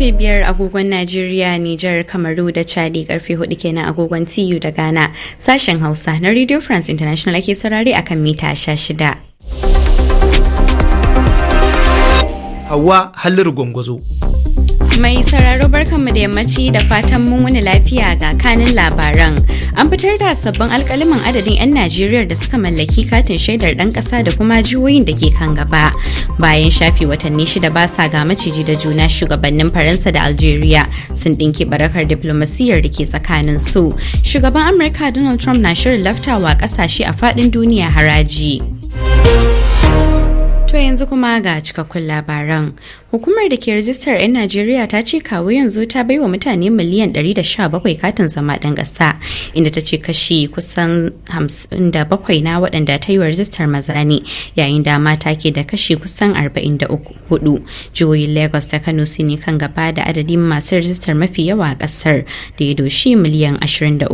karfe biyar agogon Najeriya, Nijar, Kamaru da Chadi karfe hudu kenan agogon TU da Ghana. Sashen Hausa na Radio France International ake saurari akan mita shida. Hawa Halliru Gwangwazo. Mai sauraro barkanmu da yammaci da fatan mun wani lafiya ga kanin labaran. An fitar da sabbin alkaliman adadin 'yan Najeriya da suka mallaki katin shaidar dan ƙasa da kuma jihohin da ke kan gaba. Bayan shafi watanni shida ba sa ga maciji da juna shugabannin Faransa da Algeria sun ɗinki barakar diplomasiyyar da ke tsakanin su. Shugaban Amurka Donald Trump na shirin laftawa ƙasashe a faɗin duniya haraji. To yanzu kuma ga cikakkun labaran. Hukumar da ke rajistar 'yan Najeriya ta ce kawo yanzu ta baiwa mutane miliyan 117 katin zama ɗan ƙasa, inda ta ce kashi kusan 57 na waɗanda ta yi wa rajistar maza ne, yayin da mata ke da kashi kusan 44. Jihohin Lagos ta Kano su ne kan gaba da adadin masu rajistar mafi yawa a ƙasar da ya doshi miliyan 23.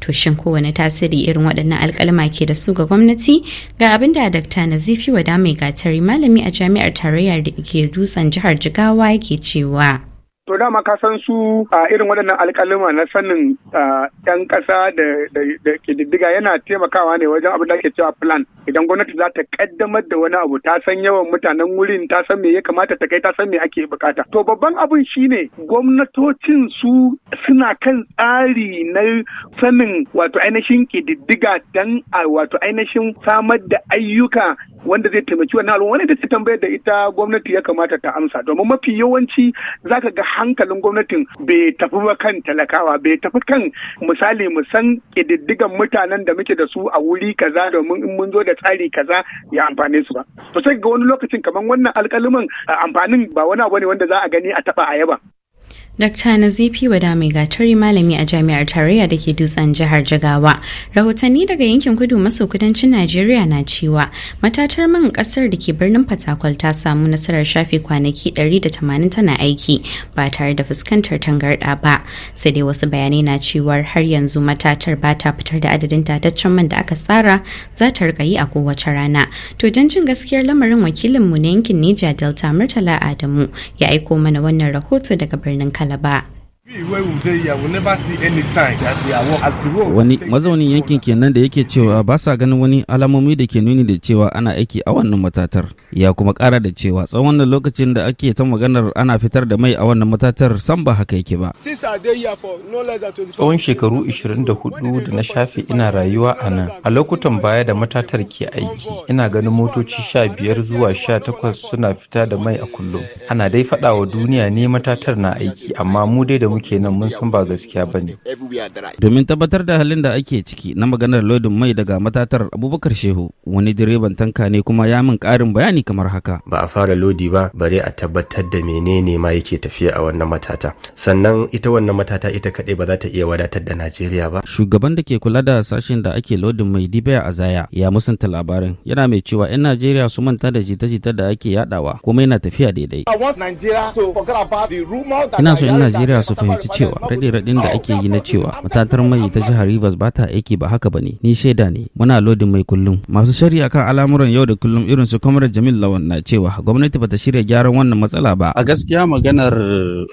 To shin kowane tasiri irin waɗannan alƙalma ke da su ga gwamnati? Ga abin da Dr. Nazifi Wada mai gata Atari malami a jami'ar tarayyar da ke dutsen jihar Jigawa yake cewa. To dama ka san su a irin waɗannan alƙaluma na sanin ɗan ƙasa da ƙididdiga yana taimakawa ne wajen abin da ake cewa plan. Idan gwamnati za ta ƙaddamar da wani abu ta san yawan mutanen wurin ta san me ya kamata ta kai ta san me ake bukata. To babban abin shine gwamnatocin su suna kan tsari na sanin wato ainihin ƙididdiga dan a wato ainihin samar da ayyuka wanda zai taimaki wannan al'umma wani tambayar da ita gwamnati ya kamata ta amsa domin mafi yawanci zaka ga hankalin gwamnatin bai tafi ba kan talakawa bai tafi kan misali mu san ƙididdigan mutanen da muke da su a wuri kaza domin in mun zo da tsari kaza ya amfane su ba to sai ga wani lokacin kamar wannan alƙaliman amfanin ba wani abu ne wanda za a gani a taba a yaba Dr. Nazifi Wada mai gatari malami a jami'ar tarayya da ke dutsen jihar Jigawa. Rahotanni daga yankin kudu maso kudancin Najeriya na cewa matatar man kasar da ke birnin Fatakwal ta samu nasarar shafe kwanaki 180 tana aiki ba tare da fuskantar tangarɗa ba. Sai dai wasu bayanai na cewar har yanzu matatar ba ta fitar da adadin tataccen man da aka tsara za ta rika yi a kowace rana. To jan jin gaskiyar lamarin wakilinmu na yankin Niger Delta Murtala Adamu ya aiko mana wannan rahoto daga birnin Kano. là bạn. Wani mazaunin yankin kenan da yake cewa ba sa ganin wani alamomi da ke nuni da cewa ana aiki a wannan matatar. Ya kuma kara da cewa tsawon da lokacin da ake ta maganar ana fitar da mai a wannan matatar san ba haka yake ba. Tsawon shekaru 24 da na shafe ina rayuwa a nan. A lokutan baya da matatar ke aiki, ina ganin motoci 15 zuwa 18 suna fita da mai a kullum. Ana dai faɗa wa duniya ne matatar na aiki, amma mu dai da muke nan mun san ba gaskiya ba ne. Domin tabbatar da halin da ake ciki na maganar lodin mai daga matatar Abubakar Shehu wani direban tanka ne kuma ya min ƙarin bayani kamar haka. Ba a fara lodi ba bare a tabbatar da menene ma yake tafiya a wannan matata. Sannan ita wannan matata ita kaɗai ba za ta iya wadatar da Najeriya ba. Shugaban da ke kula da sashen da ake lodin mai Dibiya zaya ya musanta labarin yana mai cewa 'yan Najeriya su manta da jita-jita da ake yadawa kuma yana tafiya daidai. Ina so 'yan Najeriya su fahimci cewa raɗe-raɗin da ake yi na cewa matatar mai ta jihar Rivers ba ta aiki ba haka bane ni shaida ne muna lodin mai kullum masu shari'a kan al'amuran yau da kullum irin su kamar Jamil Lawan na cewa gwamnati bata shirya gyaran wannan matsala ba a gaskiya maganar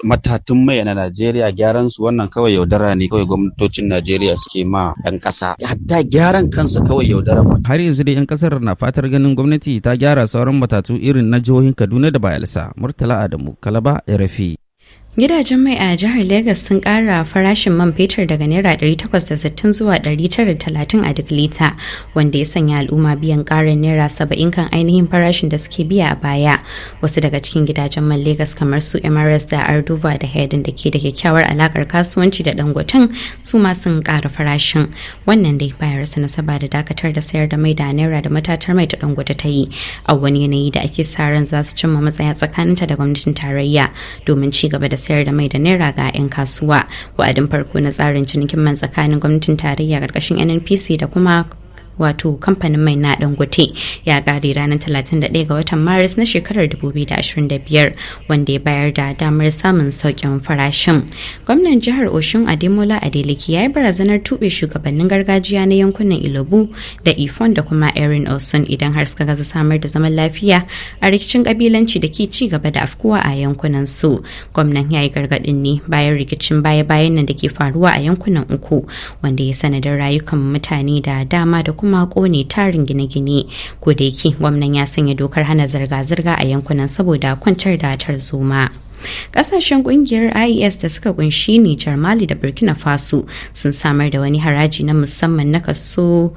matatun mai na Najeriya gyaran su wannan kawai yaudara ne kawai gwamnatocin Najeriya suke ma yan kasa hatta gyaran kansa kawai yaudara har yanzu dai yan kasar na fatar ganin gwamnati ta gyara sauran matatu irin na jihohin Kaduna da Bayelsa Murtala Adamu Kalaba Rafi Gidajen mai a jihar Legas sun kara farashin man fetur daga Naira 860 zuwa 930 a duk lita, wanda ya sanya al'umma biyan ƙarin Naira 70 kan ainihin farashin da suke biya a baya. Wasu daga cikin gidajen man Legas kamar su mrs da Arduva da Hedin da ke da kyakkyawar alakar kasuwanci da Dangoten su ma sun ƙara farashin. Wannan dai baya rasa nasaba da dakatar da sayar da mai da Naira da matatar mai ta Dangote ta yi a wani yanayi da ake sa ran za su cimma matsaya tsakaninta da gwamnatin tarayya domin ci gaba da sayar da mai da naira ga 'yan kasuwa wa'adin farko na tsarin cinikin man tsakanin gwamnatin tarayya karkashin nnpc da kuma wato kamfanin mai na dangote ya kare ranar 31 ga watan maris na shekarar 2025 wanda ya bayar da damar samun saukin farashin gwamnan jihar oshun ademola adeleke ya yi barazanar tuɓe shugabannin gargajiya na yankunan ilobu da ifon da kuma erin olson idan har suka gaza samar da zaman lafiya a rikicin kabilanci da ke ci gaba da afkuwa a yankunan su gwamnan ya yi gargaɗin ne bayan rikicin baya-bayan nan da ke faruwa a yankunan uku wanda ya sanadin rayukan mutane da dama da kuma ma kone tarin gine-gine ko da yake gwamnan ya sanya dokar hana zirga-zirga a yankunan saboda kwantar da tarzoma. kasashen kungiyar ies da suka kunshi nijar mali da burkina faso sun samar da wani haraji na musamman na kaso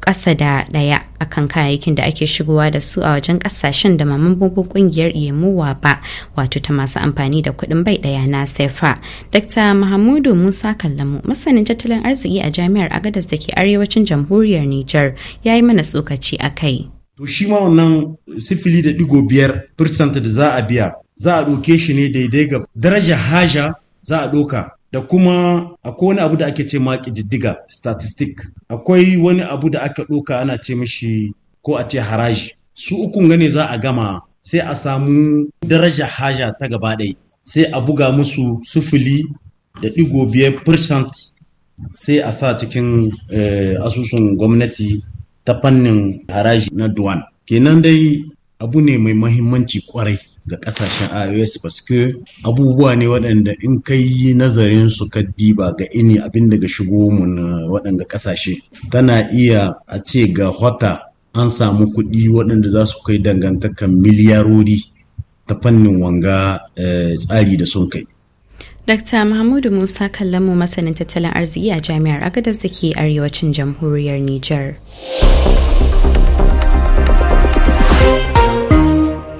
kasa da ɗaya akan kayayyakin da ake shigowa da su a wajen ƙasashen da mamambobin ƙungiyar yemuwa ba wato ta masu amfani da kuɗin bai ɗaya na sefa dr mahamudu musa kallamu masanin tattalin arziki a jami'ar agadas da ke arewacin jamhuriyar niger ya yi mana tsokaci a kai to shi ma wannan sifili da digo biyar da za a biya za a ɗauke shi ne daidai ga daraja haja za a ɗauka da kuma akwai wani abu da ake ce ma statistic akwai wani abu da aka ɗoka ana ce mishi ko a ce haraji su ukun gane za a gama sai a samu daraja haja ta gaba ɗaya sai a buga musu sufili da ɗigo biyar percent sai a sa cikin eh, asusun gwamnati ta fannin haraji na duwan kenan dai abu ne mai mahimmanci kwarai ga kasashen iOS paske abubuwa ne waɗanda in ka yi nazarin su ka diba ga ini abin daga shigo mu waɗanda kasashe tana iya a ce ga hota an samu kuɗi waɗanda za su kai dangantakan miliyarori ta fannin wanga eh, tsari da sun kai. Dr. Mahmudu Musa mu masanin tattalin arziki a Jami'ar Agadez da ke arewacin jamhuriyar Nijar.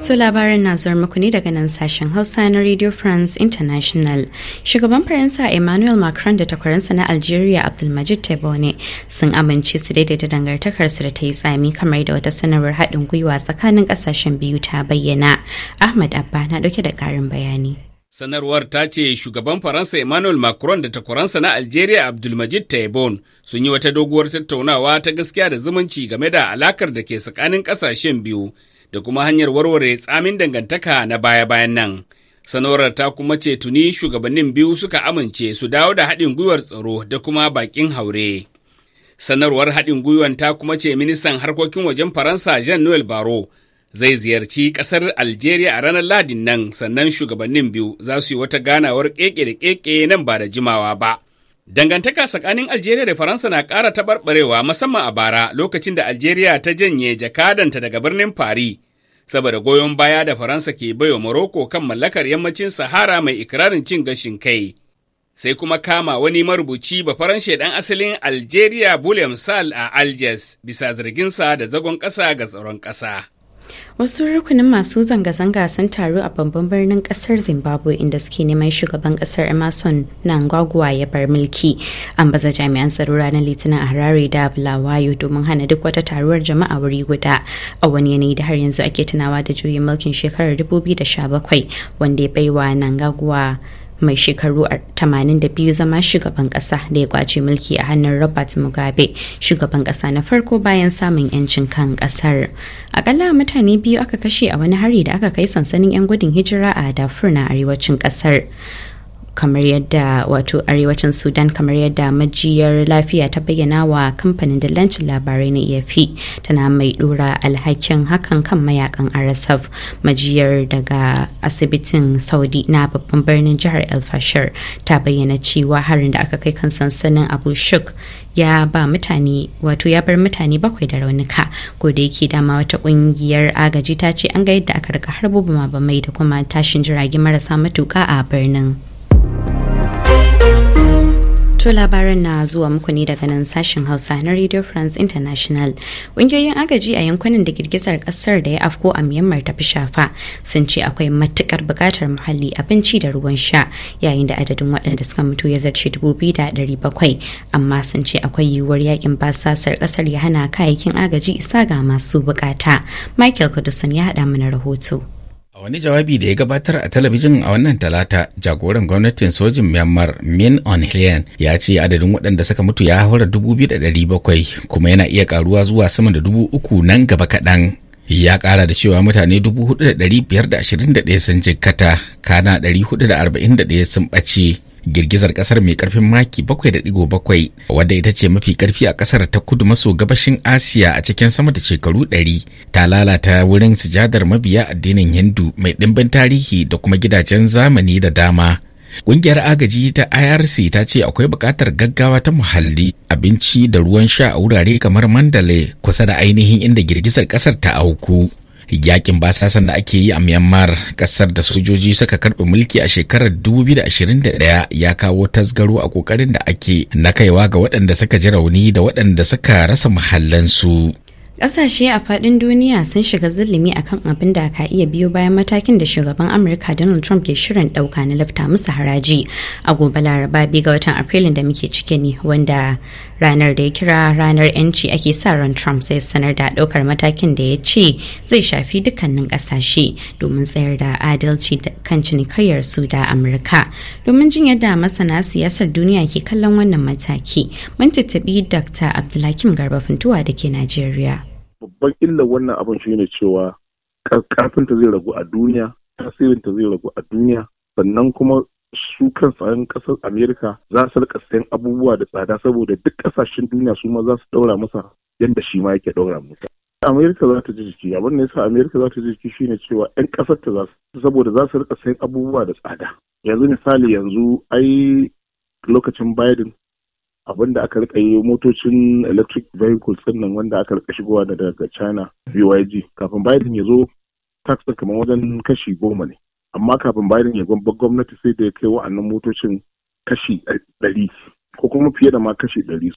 So labarin na zuwa muku daga nan sashen Hausa na Radio France International. Shugaban Faransa Emmanuel Macron da takwaransa na Algeria Abdulmajid Tebboune sun amince su daidaita dangantakar su da ta yi tsami kamar da wata sanarwar haɗin gwiwa tsakanin ƙasashen biyu ta bayyana. Ahmad Abba na ɗauke da ƙarin bayani. Sanarwar ta ce shugaban Faransa Emmanuel Macron da takwaransa na Algeria Abdulmajid Tebboune sun yi wata doguwar tattaunawa ta gaskiya da zumunci game da alakar da ke tsakanin ƙasashen biyu da kuma hanyar warware tsamin dangantaka na baya-bayan nan. Sanorar ta kuma ce tuni shugabannin biyu suka amince su dawo da haɗin gwiwar tsaro da kuma baƙin haure. Sanarwar haɗin gwiwar ta kuma ce ministan harkokin wajen Faransa Jean-Noel Baro zai ziyarci ƙasar Algeria a ranar Ladin nan sannan shugabannin biyu za su yi wata ganawar ƙeƙe da ƙeƙe nan ba da jimawa ba. Dangantaka tsakanin Algeria da Faransa na ƙara taɓarɓarewa musamman a bara lokacin da Algeria ta janye jakadanta daga birnin Paris saboda goyon baya da Faransa ke baiwa Morocco kan mallakar yammacin Sahara mai ikirarin cin gashin kai. Sai kuma kama wani marubuci ba faranshe ɗan asalin Algeria bulem Sal a Algiers bisa zarginsa da zagon ƙasa ga tsaron ƙasa. wasu rukunin masu zanga-zanga sun taru a babban birnin kasar zimbabwe inda suke neman shugaban kasar emerson nangwagwa ya bar mulki an baza jami'an tsaro ranar litinin a harare da bulawayo domin hana duk wata taruwar jama'a wuri guda a wani yanayi da har yanzu ake tunawa da juyin mulkin shekarar 2017 wanda ya baiwa nangagwa mai shekaru 82 zama shugaban kasa da ya kwace mulki a hannun robert mugabe shugaban kasa na farko bayan samun yancin kan kasar akalla mutane biyu aka kashe a wani hari da aka kai sansanin 'yan gudun hijira a dafur na arewacin kasar kamar yadda wato arewacin sudan kamar yadda majiyar lafiya ta bayyana wa kamfanin dillancin labarai na efi tana mai dora alhakin hakan kan mayakan arasaf majiyar daga asibitin saudi na babban birnin jihar el fashir ta bayyana cewa harin da aka kai kan sansanin abu shuk ya ba mutane wato ya bar mutane bakwai da raunuka ko da yake dama wata kungiyar agaji ta ce an ga yadda aka rika harbo bama mai da kuma tashin jirage marasa matuka a birnin To labaran na zuwa muku ne daga nan sashen Hausa na Radio France International. Ƙungiyoyin agaji a yankunan da girgizar ƙasar da ya afko a Myanmar ta fi shafa sun ce akwai matukar bukatar muhalli abinci da ruwan sha yayin da adadin waɗanda suka mutu ya zarce bakwai amma sun ce akwai yiwuwar yakin basasar ƙasar ya hana kayayyakin agaji isa ga masu bukata Michael Kudusan ya haɗa mana rahoto. A wani jawabi da ya gabatar a talabijin a wannan talata, jagoran gwamnatin sojin Myanmar Min On Hlaing ya ce adadin waɗanda suka mutu ya haura dubu biyu da ɗari bakwai kuma yana iya ƙaruwa zuwa sama da dubu uku nan gaba kaɗan. Ya ƙara da cewa mutane dubu huɗu da ɗari biyar da ashirin da ɗaya sun jikkata, kana ɗari huɗu da arba'in da ɗaya sun ɓace. girgizar kasar mai karfin maki 7.7 wadda ita ce mafi karfi a kasar ta kudu maso gabashin asiya a cikin sama da shekaru 100 ta lalata wurin sujadar mabiya addinin hindu mai ɗimbin tarihi da kuma gidajen zamani da dama Ƙungiyar agaji ta IRC ta ce akwai buƙatar gaggawa ta muhalli, abinci da ruwan sha a wurare kamar Mandalay kusa da ainihin inda girgizar ƙasar ta auku. yakin basasan da ake yi a myanmar kasar da sojoji suka karbe mulki a shekarar 2021 ya kawo tasgaro a kokarin da ake na kaiwa ga waɗanda suka ji rauni da waɗanda suka rasa mahallansu Ƙasashe a faɗin duniya sun shiga zulumi akan abin da ka iya biyo bayan matakin da shugaban Amurka Donald Trump ke shirin ɗauka na lafta musu haraji a gobe Laraba biyu ga watan Afrilun da muke cike ne wanda ranar da ya kira ranar 'yanci ake sa ran Trump sai sanar da ɗaukar matakin da ya ce zai shafi dukkanin kasashe domin tsayar da adalci kan cinikayyar su da Amurka. Domin jin yadda masana siyasar duniya ke kallon wannan mataki, mun tattabi Dr. Abdulhakim Garba Funtuwa da ke Najeriya. babban illar wannan abin shi ne cewa karfinta zai ragu a duniya tasirinta zai ragu a duniya sannan kuma su kan tsarin kasar amerika za su rika sayan abubuwa da tsada saboda duk kasashen duniya su ma za su daura masa yadda shi ma yake daura masa amerika za ta ji jiki abin da ya sa amerika za ta ji jiki shine cewa yan kasar ta za su saboda za su rika sayan abubuwa da tsada yanzu misali yanzu ai lokacin biden abin da aka rika yi motocin electric vehicles din nan wanda aka rika shigowa daga China BYD kafin Biden ya zo tax kamar wajen kashi goma ne amma kafin Biden ya gwamba gwamnati sai da ya kai wa'annan motocin kashi ɗari ko kuma fiye da ma kashi ɗari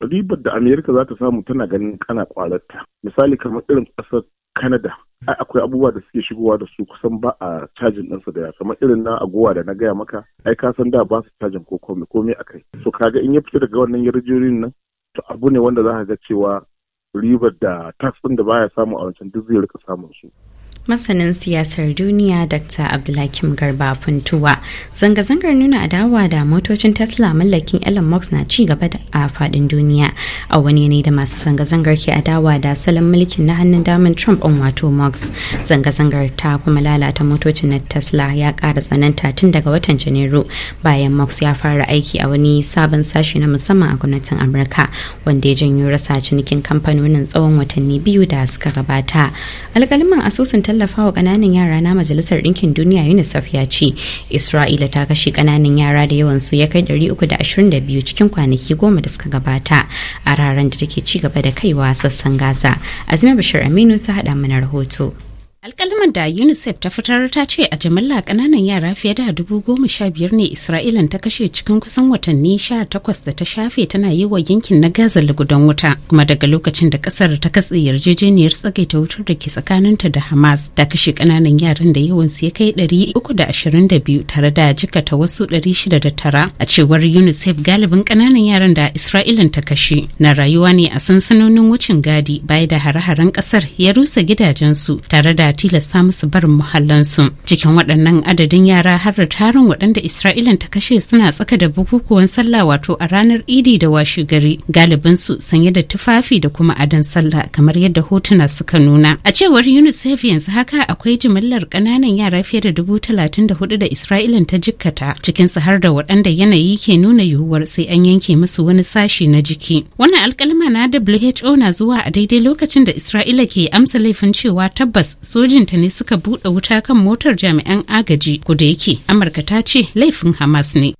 ribar da Amerika za ta samu tana ganin kana kwararta misali kamar irin ƙasar Canada akwai abubuwa da suke shigowa da su kusan ba a cajin ɗinsu da ya? kamar irin na agowa da na gaya maka ai ka san da ba su cajin ko komai komai akai so kaga in ya fita daga wannan yarjerin nan to abu ne wanda za ka ga cewa ribar da tax ɗin da baya samu a wancan duk zai rika samun su masanin siyasar duniya dr abdulhakim garba funtuwa zanga-zangar nuna adawa da motocin tesla mallakin elon musk na ci gaba a fadin duniya a wani yanayi da masu zanga-zangar ke adawa da salon mulkin na hannun daman trump on wato musk zanga-zangar ta kuma lalata motocin na tesla ya kara tsananta tun daga watan janairu bayan musk ya fara aiki a wani sabon sashi na musamman a gwamnatin amurka wanda ya janyo rasa cinikin kamfanonin tsawon watanni biyu da suka gabata alkaliman asusun wa kananan yara na majalisar ɗinkin duniya unicef ya ce isra'ila ta kashe kananan yara da yawan su ya kai 322 cikin kwanaki goma da suka gabata a raran da take ci gaba da kaiwa sassan gaza azumin bashir aminu ta hada mana rahoto alkalman da unicef ta fitar ta ce a jimilla kananan yara fiye da dubu goma sha biyar ne isra'ila ta kashe cikin kusan watanni sha takwas da ta shafe tana yi wa yankin na gaza lugudan wuta kuma daga lokacin da ƙasar ta katse yarjejeniyar tsagaita wutar da ke tsakaninta da hamas ta kashe kananan yaran da yawan su ya kai ɗari uku da ashirin da biyu tare da jikata wasu ɗari shida da tara a cewar unicef galibin ƙananan yaran da isra'ila ta kashe na rayuwa ne a sansanonin wucin gadi baya da hare-haren ƙasar ya rusa gidajensu tare da tilasta musu barin muhallansu cikin waɗannan adadin yara har da tarin waɗanda isra'ila ta kashe suna tsaka da bukukuwan sallah wato a ranar idi da washe gari galibinsu sanye da tufafi da kuma adon sallah kamar yadda hotuna suka nuna a cewar unicef yanzu haka akwai jimillar ƙananan yara fiye da dubu talatin da hudu da isra'ilan ta jikkata cikinsu har da waɗanda yanayi ke nuna yiwuwar sai an yanke musu wani sashi na jiki wannan alkalma na who na zuwa a daidai lokacin da isra'ila ke amsa laifin cewa tabbas so sojojinta ne suka buɗe wuta kan motar jami'an agaji ko yake amurka ta ce laifin hamas ne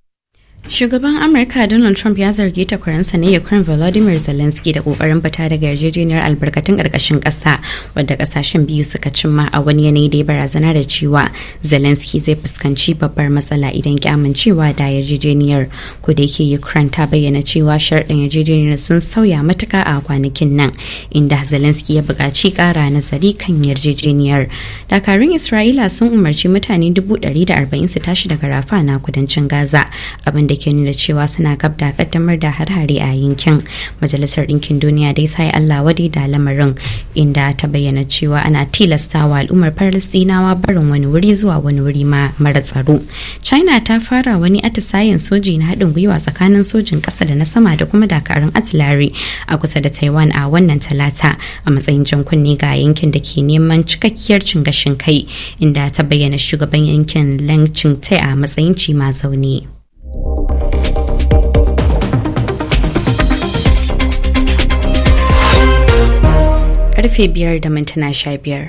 Shugaban Amurka Donald Trump ya zargi takwaransa ne Ukraine Volodymyr Zelensky da kokarin fita daga yarjejeniyar albarkatun karkashin ƙasa wadda ƙasashen biyu suka cimma a wani yanayi da ya barazana da cewa Zelensky zai fuskanci babbar matsala idan ki amincewa da yarjejeniyar ko da yake Ukraine ta bayyana cewa sharɗin yarjejeniyar sun sauya matuka a kwanakin nan inda Zelensky ya buƙaci ƙara nazari kan yarjejeniyar. Dakarun Isra'ila sun umarci mutane dubu ɗari da arba'in su tashi daga Rafa na kudancin Gaza abinda da ke nuna cewa suna gab da kaddamar da har a yankin majalisar ɗinkin duniya dai sai allah wadi da lamarin inda ta bayyana cewa ana tilasta wa al'ummar falastinawa barin wani wuri zuwa wani wuri ma mara tsaro china ta fara wani atisayen soji na haɗin gwiwa tsakanin sojin ƙasa da na sama da kuma dakarun atlari a kusa da taiwan a wannan talata a matsayin jan kunne ga yankin da ke neman cikakkiyar cin gashin kai inda ta bayyana shugaban yankin Leng tai a matsayin cima zaune. Karfe biyar da mintuna sha biyar.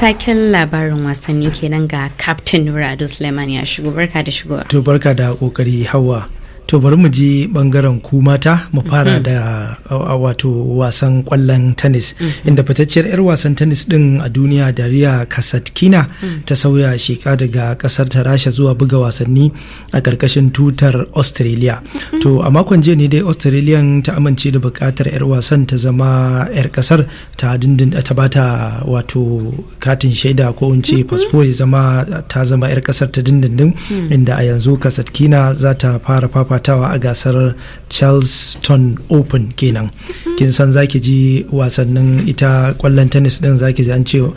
taken labarin wasanni kenan ga captain nura ado suleiman ya shigo barka da shigo to barka da kokari hawa to bari mu je bangaren ku mata mu fara mm-hmm. da wato wasan kwallon tennis mm-hmm. inda fitacciyar 'yar wasan tennis din a duniya dariya kasatkina mm-hmm. ta sauya sheka daga kasar ta rasha zuwa buga wasanni a karkashin tutar australia to a makon jiya ne dai australia ta amince da bukatar 'yar wasan ta zama 'yar kasar ta dindin ta bata wato katin shaida ko in ce fasfo ya zama ta zama 'yar kasar ta dindindin inda a yanzu kasatkina za ta fara fafa fafatawa a gasar charleston open kenan kin san zaki ji wasannin ita kwallon tennis din zaki ji an ce uh,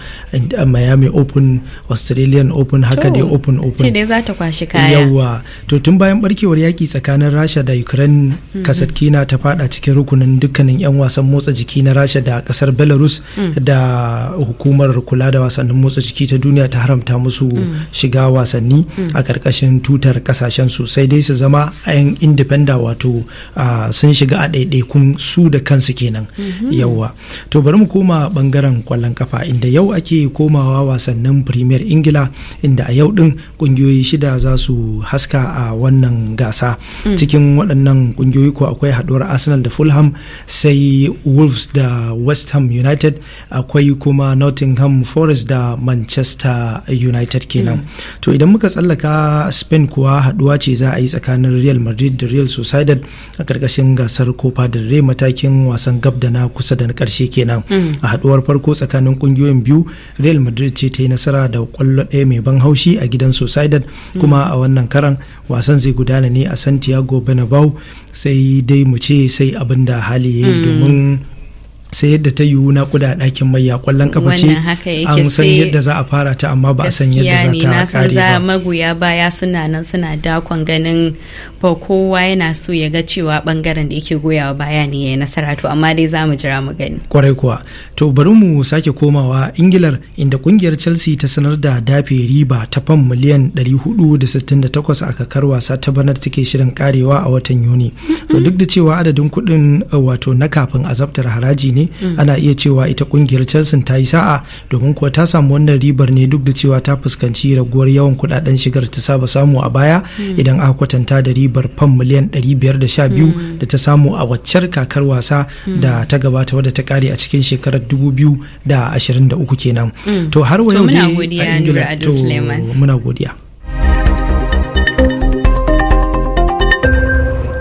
miami open australian open haka dai open open ce dai za ta kwashi kaya yawa to tun bayan barkewar yaki tsakanin rasha da ukraine mm-hmm. kasatkina ta fada cikin rukunin dukkanin yan wasan motsa jiki na rasha da kasar belarus mm. da hukumar kula da wasannin motsa jiki ta duniya ta haramta musu mm. shiga wasanni mm. a karkashin tutar kasashen su sai dai su zama a 'yan independa wato sun shiga a ɗaiɗaikun su da kansu kenan mhm. yauwa to bari mu koma bangaren kwallon kafa inda yau ake komawa wasannin premier ingila inda a yau din kungiyoyi shida za su haska a wannan gasa mm. cikin waɗannan kungiyoyi ko akwai haɗuwar arsenal da fulham sai wolves da west ham united akwai kuma nottingham forest da manchester united kenan mm. to idan muka tsallaka spain kuwa haɗuwa ce za a yi tsakanin real madrid madrid da real sociedad a karkashin gasar copa del rey matakin wasan gab da na kusa da na karshe kenan mm. a haduwar farko tsakanin kungiyoyin biyu real madrid ce ta yi nasara da kwallo ɗaya mai ban haushi a gidan sociedad mm. kuma a wannan karan wasan zai gudana ne a santiago bernabeu sai dai mu ce sai abin da hali ya yi mm. domin sai yadda ta yiwu na kuda ɗakin mai ya kwallon kafa ce an san yadda za a fara ta amma ba a san yadda za ta kare ba magoya baya suna nan suna dakon ganin ba kowa yana so ya ga cewa bangaren da yake goyawa baya ne ya nasara to amma dai za mu jira mu gani kwarai kuwa to bari mu sake komawa ingilar inda kungiyar chelsea ta sanar da dafe riba ta fam miliyan 468 a kakar wasa ta banar take shirin karewa a watan yuni duk da cewa adadin kuɗin eh, wato na kafin azabtar haraji ne ne mm. ana iya cewa ita kungiyar chelsea ta yi sa'a domin kuwa ta samu wannan ribar ne duk da cewa ta fuskanci raguwar yawan kudaden shigar ta saba samu a baya mm. idan aka kwatanta da ribar fam miliyan 512 mm. da ta samu a waccar kakar wasa da ta gabata wadda ta kare a cikin shekarar 2023 kenan to har wa yau dai muna godiya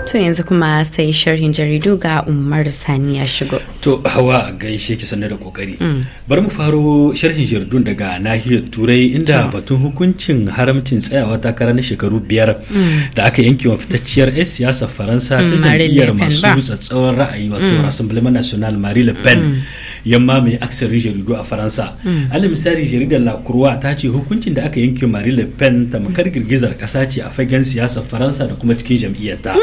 To yanzu kuma sai sharhin jaridu ga Umar Sani ya shigo. To hawa gaishe ki sanar da kokari. Mm. Bari mu faro sharhin jaridu daga nahiyar Turai inda batun hukuncin haramcin tsayawa takara na shekaru biyar mm. da aka yanke wa fitacciyar 'yan siyasar Faransa ta mm, jam'iyyar masu tsatsauran ra'ayi wato Rassemblement National Marie Le Pen yamma mai aksarin jaridu a Faransa. Ali misali jaridar La Croix ta ce hukuncin da aka yanke Marie Le Pen tamkar girgizar kasa ce a fagen siyasar Faransa da kuma cikin jam'iyyar ta.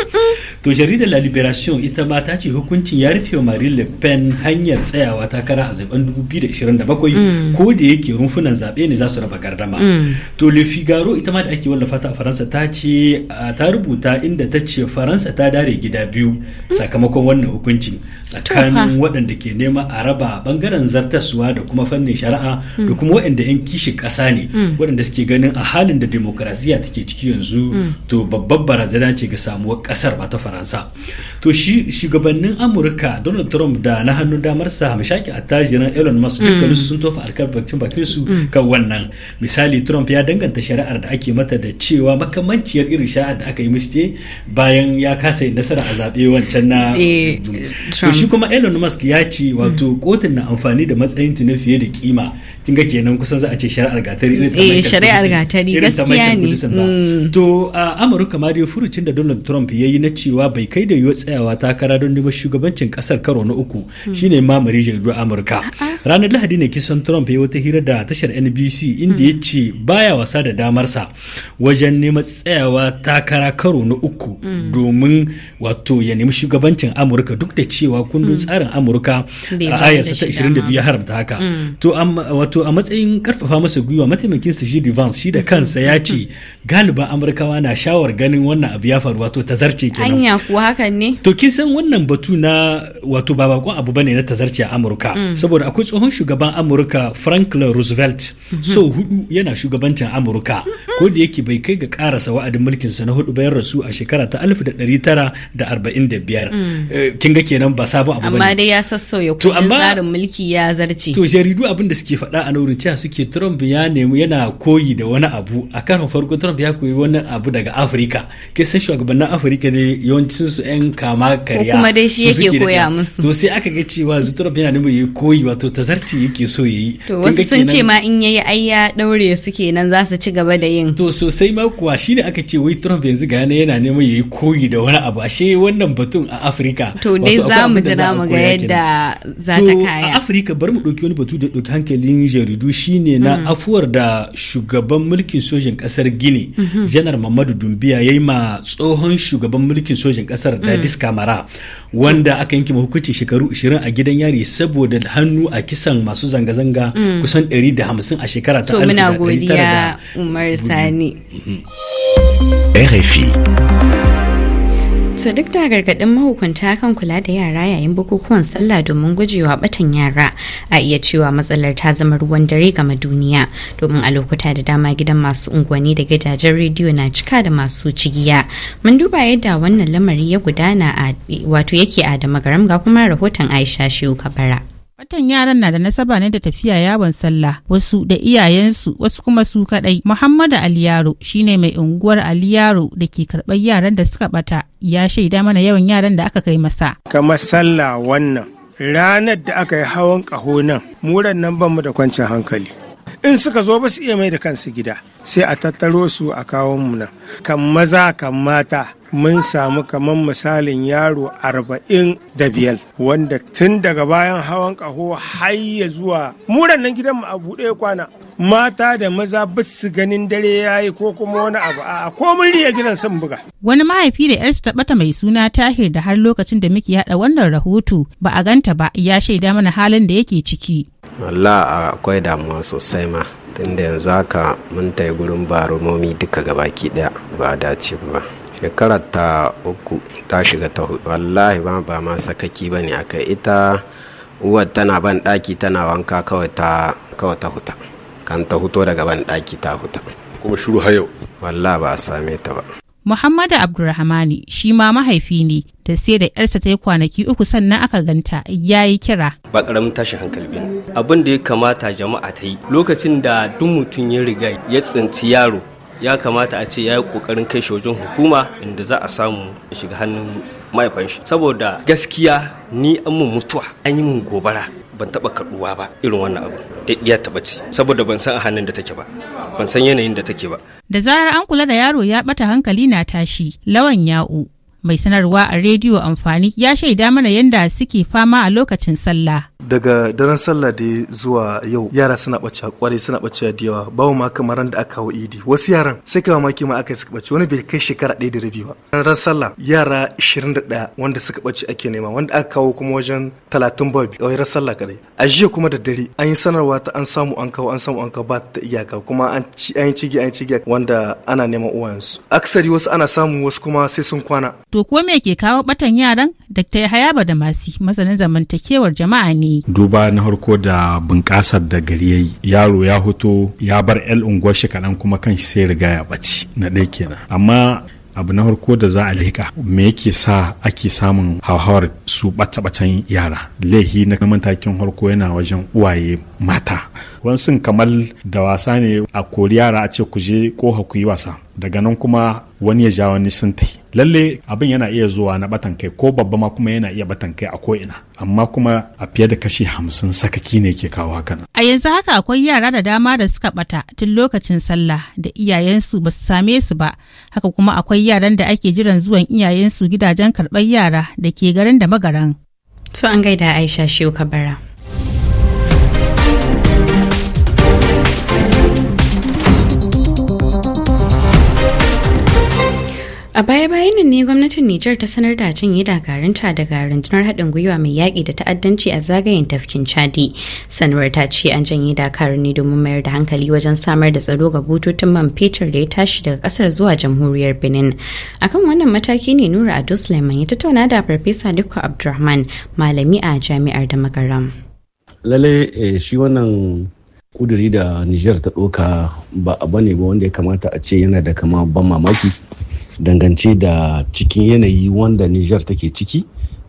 to jaridar la liberation ita ma ta ce hukuncin ya rufe marine le pen hanyar tsayawa takara a zaben 2027 mm. ko da yake rumfunan zaɓe ne za su raba gardama mm. to le figaro ita ma da ake wallafa ta a faransa ta ce ta rubuta inda ta ce faransa ta dare gida biyu sakamakon wannan hukuncin tsakanin waɗanda ke nema a raba bangaren zartaswa da kuma fannin shari'a da mm. kuma waɗanda 'yan kishi ƙasa ne waɗanda suke ganin a halin da demokrasiya take ciki yanzu to babbar barazana ce ga samuwar ƙasar ba ta faransa to shi shugabannin amurka donald trump da na hannun damarsa mashaki attajiran elon musk mm. dukkanin sun tofa alkar bakin su mm. kan wannan misali trump ya danganta shari'ar da ake mata da cewa makamanciyar irin shari'ar da aka yi mishi bayan ya kasa yin nasara a zaɓe wancan na eh, eh, to shi kuma elon musk ya ce wato mm. kotun na amfani da matsayin ta fiye da kima kin ga kenan kusan za a ce shari'ar gatari irin ta eh, shari'ar gatari gaskiya ne to a amurka ma dai furucin da donald trump ya yi na cewa bai kai da yiwu tsayawa takara don neman shugabancin kasar karo na uku shine ma mari jaridu Amurka. Ranar Lahadi ne kisan Trump ya wata hira da tashar NBC inda ya ce baya wasa da damarsa wajen neman tsayawa takara karo na uku domin wato ya nemi shugabancin Amurka duk da cewa kundin tsarin Amurka a ayarsa ta 22 ya haramta haka. Mm. To wato a matsayin karfafa masa gwiwa mataimakin sa Jidi Vance shi da kansa ya ce galiba Amurkawa na shawar ganin wannan abu ya faru wato zarce ke hanya kuwa hakan ne to kin san wannan batu na wato ba bakon abu bane na tazarci a amurka mm. saboda akwai tsohon shugaban amurka franklin roosevelt mm-hmm. so hudu yana shugabancin amurka mm-hmm. ko da yake bai kai ga karasa wa'adin mulkin sa na hudu bayan rasu a shekara ta 1945 mm. eh, kin ga kenan ba sabon abu bane amma dai ya sassauya kudin tsarin mulki ya zarce to jaridu abin da suke faɗa a cewa suke trump ya nemi yana koyi da wani abu a karon farko trump ya koyi wani abu daga afirka kisan shugabannin afirka ne yawancin su yan kama karya kuma dai shi yake koya musu to sai aka ga cewa zuturab yana nemo yayi koyi wato tazarci yake so yayi to wasu sun ce ma in yayi ai ya daure su kenan za su ci gaba da yin to sosai ma kuwa shine aka ce wai Trump yanzu ga yana neman yayi koyi da wani abu ashe wannan batun a Afirka to dai za mu jira mu ga yadda za ta kaya a Afirka bar mu dauki wani batu da dauki hankalin jaridu shine na mm. afuwar da shugaban mulkin sojin kasar Gini mm-hmm. janar Mamadu Dumbiya yayi ma tsohon shugaban mulkin mulkin sojin kasar mm. da diskamara wanda aka yanke hukunci shekaru 20 a gidan yari saboda hannu a kisan masu zanga-zanga mm. kusan 150 a shekara ta alfi da muna umar sani mm-hmm. RFI To duk da gargaɗin mahukunta kan kula da yara yayin bukukuwan sallah domin gujewa batan yara a iya cewa matsalar ta zama ruwan dare game duniya domin a lokuta da dama gidan masu unguwanni da gidajen rediyo na cika da masu cigiya. Mun duba yadda wannan lamari ya gudana wato yake a da magaram ga kuma rahoton Aisha Shehu Kabara. Watan yaran na da nasaba ne da tafiya yawon sallah wasu da iyayensu wasu kuma su kadai. Muhammadu Aliyaro shine mai unguwar Aliyaro da ke karɓar yaran da suka bata ya shaida mana yawan yaran da aka kai masa. Kama sallah wannan ranar da aka yi hawan ƙaho nan muran nan bamu da kwancin hankali. In suka zo ba su iya mai da kansu gida sai a tattaro su a kawo mu nan kan maza kan mata mun samu kamar misalin yaro arba'in da biyar wanda tun daga bayan hawan ƙaho har ya zuwa muran nan gidanmu a buɗe kwana mata da maza basu ganin dare ya yi ko kuma wani abu a ko mun riya gidan sun buga. Wani mahaifi da yarsa ta bata mai suna Tahir da har lokacin da muke haɗa wannan rahoto ba a ganta ba ya shaida mana halin da yake ciki. Allah akwai damuwa sosai ma tunda yanzu haka mun tayi gurin baromomi duka gabaki ɗaya ba dace ba. shekarar ta uku ta shiga ta hudu wallahi ba ba ma sakaki ba ne aka ita uwar tana ban daki tana wanka kawai ta huta kan ta huto daga ban daki ta huta kuma shuru hayo wallahi ba a same ta ba Muhammadu Abdulrahmani shi ma mahaifi ne da sai da yarsa ta yi kwanaki uku sannan aka ganta ya yi kira. Ba ƙaramin tashin hankali ba abin da ya kamata jama'a ta yi lokacin da duk mutum ya riga ya tsinci yaro ya kamata a ce ya yi kokarin kai shi wajen hukuma inda za a samu shiga hannun mahaifan shi saboda gaskiya ni an mun mutuwa an yi mun gobara ban taba kaduwa ba irin wannan abu da iya taba ci saboda ban san a hannun da take ba ban san yanayin da take ba da zarar an kula da yaro ya bata hankali na tashi lawan ya'u mai sanarwa a rediyo amfani ya shaida mana yadda suke fama a lokacin sallah daga daren sallah da zuwa yau yara suna bace kwarai suna bace da yawa babu ma kamar da aka hau idi wasu yaran sai ka mamaki ma aka suka bace wani bai kai shekara ɗaya da rabi ba ran sallah yara 21 wanda suka bace ake nema wanda aka kawo kuma wajen 30 ba biyu ran sallah kadai a jiya kuma da dare an yi sanarwa ta an samu an kawo an samu an kawo ba ta iyaka kuma an yi cigi an cigi wanda ana neman uwayensu aksari wasu ana samu wasu kuma sai sun kwana to ko me ke kawo batan yaran dr yahaya da masi masanin zamantakewar jama'a ne ne duba na harko da bunƙasar da gari yayi yaro ya hoto ya bar el unguwar shi kaɗan kuma kan shi sai riga ya ɓaci na ɗaya kenan amma abu na harko da za a leƙa me yake sa ake samun hauhawar su ɓata-ɓatan yara laihi na matakin harko yana wajen uwaye mata wasu kamar da wasa ne a kori yara a ce ku je ko ku yi wasa daga nan kuma wani ya ja wani sun tafi lalle abin yana iya zuwa na batan kai ko babba ma kuma yana iya batan kai a ko'ina amma kuma a fiye da kashi hamsin sakaki ne ke kawo haka a yanzu haka akwai yara da dama da suka bata tun lokacin sallah da iyayensu ba su same su ba haka kuma akwai yaran da ake jiran zuwan iyayensu gidajen karɓar yara da ke garin da magaran to an gaida aisha shehu kabara A baya-bayan ne gwamnatin Nijar ta sanar da cinye dakarunta daga rundunar haɗin gwiwa mai yaƙi da ta'addanci a zagayen tafkin Chadi. sanuwar ta ce an janye dakarun ne domin mayar da hankali wajen samar da tsaro ga bututun man fetur da ya tashi daga ƙasar zuwa jamhuriyar Benin. Akan wannan mataki ne Nura Ado Suleiman ya tattauna da Farfesa Dukko Abdulrahman malami a jami'ar da makaram. Lale eh, shi wannan kuduri da Nijar ta ɗauka ba a bane ba wanda ya kamata a ce yana da kama ban mamaki. dangance da cikin yanayi wanda Nijar take ciki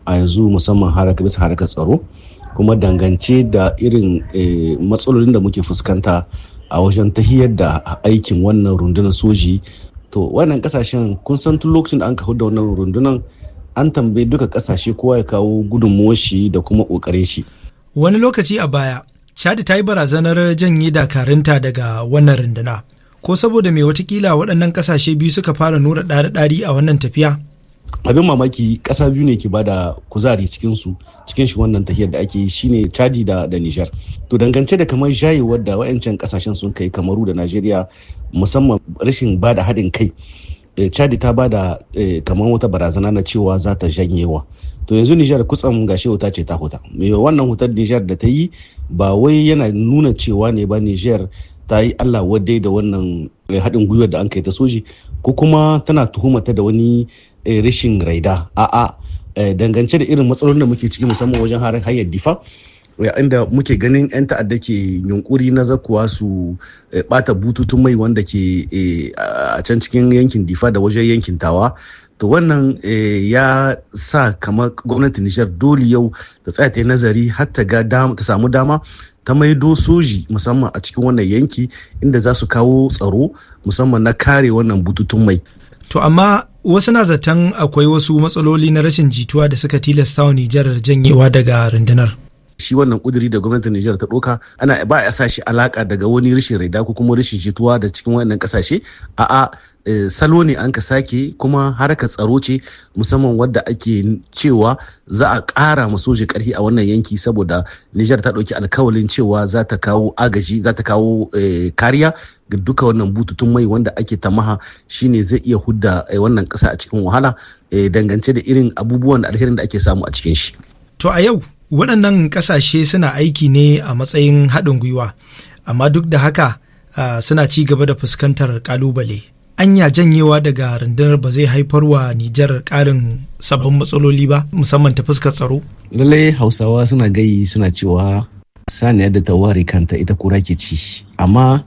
a yanzu musamman haraka bisa Haraka tsaro kuma dangance da irin eh, matsalolin da muke fuskanta a wajen tahiyar da aikin wannan rundunar soji to wannan kasashen kun san tun lokacin da an kawo da wannan rundunar an tambayi duka kasashe kowa ya kawo gudunmuwar shi da kuma kokarin shi wani lokaci a baya chad ta yi barazanar janye dakarunta daga wannan runduna ko saboda mai watakila waɗannan ƙasashe biyu suka fara nura ɗari-ɗari a wannan tafiya abin mamaki ƙasa biyu ne ke bada kuzari cikin su cikin shi wannan tahiyar da ake yi shine chadi da da nijar to dangance da kamar shayewar da wayancan ƙasashen sun kai kamaru da najeriya musamman rashin bada haɗin kai eh, chadi ta bada eh, kamar wata barazana na cewa za ta janyewa to yanzu nijar kutsan gashe wuta ce ta huta wannan hutar nijar da ta yi ba wai yana nuna cewa ne ba nijar ta yi allah wadai da wannan eh, haɗin gwiwar da an kai ta soji ko kuma tana tuhumata da wani eh, rashin raida a'a eh, dangance da irin matsalolin da muke ciki musamman wajen hanyar difa inda muke ganin 'yan ta'adda ke yunkuri na zakuwa su bata bututun mai wanda ke a can cikin yankin difa da wajen yankin tawa to wannan ya sa kamar gwamnatin nishar dole yau ta tsaya ta yi nazari har ta samu dama ta maido soji musamman a cikin wannan yanki inda za su kawo tsaro musamman na kare wannan bututun mai to amma wasu na zaton akwai wasu matsaloli na rashin jituwa da suka tilasta wa nijar janyewa daga rundunar shi wannan kuduri da gwamnatin Nijar ta ɗoka ana ba a sa shi alaka daga wani rashin raida ko kuma rashin jituwa da cikin wannan ƙasashe a'a Eh, salo ne an ka sake kuma haraka tsaro ce musamman wadda ake cewa za a ƙara soji ƙarfi a wannan yanki saboda Nijar ta ɗauki alkawalin cewa za ta kawo agaji za ta kawo eh, kariya ga duka wannan bututun mai wanda ake tamaha shine zai iya hudda eh, wannan ƙasa a cikin wahala dangance da irin abubuwan alherin da ake samu a cikin shi. To a yau waɗannan ƙasashe suna aiki ne a matsayin haɗin gwiwa amma duk da haka ah, suna ci gaba da fuskantar ƙalubale anya janyewa daga rundunar ba zai haifar wa Nijar ƙarin sabbin matsaloli ba musamman ta fuskar tsaro? Lallai Hausawa suna gayi suna cewa saniyar da ta kanta ita kura ke ci. Amma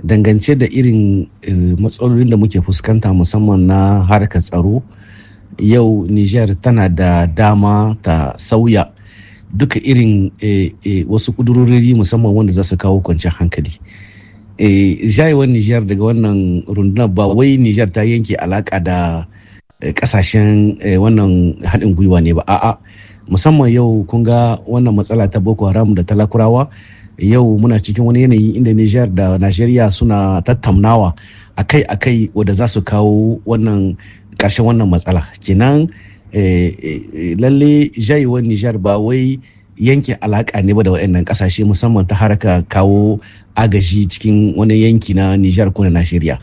dangance da irin eh, matsalolin da muke fuskanta musamman na harkar tsaro yau Nijar tana da dama ta sauya duka irin eh, eh, wasu ƙudurori musamman wanda za su kawo kwanciyar hankali. Eh, jayewar Nijar daga wannan rundunar ba wai Nijar ta yanke alaka da kasashen eh, eh, wannan haɗin gwiwa ne ba a'a musamman yau kun ga wannan matsala ta Boko Haram da talakurawa yau muna cikin wani yanayi inda Nijar da Najeriya suna tattaunawa akai-akai wadda za su kawo wannan ƙarshen wannan matsala kenan lalle jayewar Nijar ba wai yanke alaka ne ba da waɗannan ƙasashe musamman ta haraka kawo agaji cikin wani yanki na Nijar ko na Najeriya.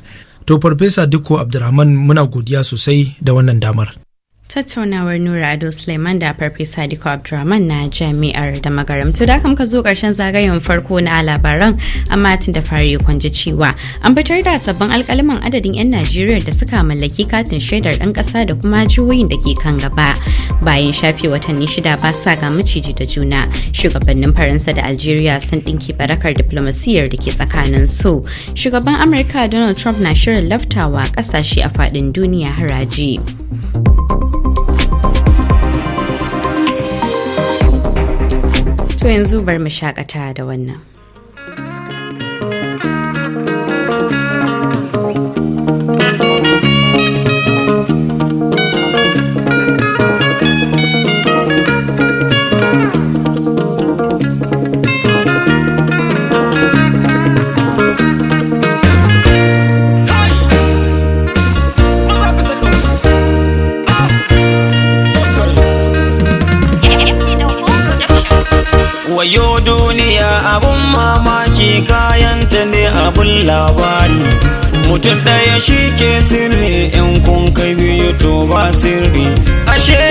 To Farfesa Dikko Abdulrahman muna godiya sosai da wannan damar. tattaunawar nura ado suleiman da farfesa diko abdurrahman na jami'ar da magaram to da ka zo karshen zagayen farko na labaran amma tun da fari kun ji cewa an fitar da sabbin alkalamin adadin 'yan najeriya da suka mallaki katin shaidar ɗan ƙasa da kuma jihohin da ke kan gaba bayan shafe watanni shida ba sa ga maciji da juna shugabannin faransa da algeria sun ɗinki barakar diplomasiyyar da ke tsakanin su shugaban amurka donald trump na shirin laftawa ƙasashe a faɗin duniya haraji. yanzu bari mu shakata da wannan. abun mamaki kayanta ne abun labari mutum ɗaya shi ke sirri in kun kai biyu to ba sirri ashe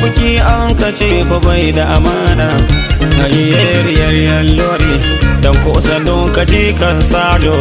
buki an ka ce fa bai da amana ayyar yaryar lori don kusa don kaji kan sajo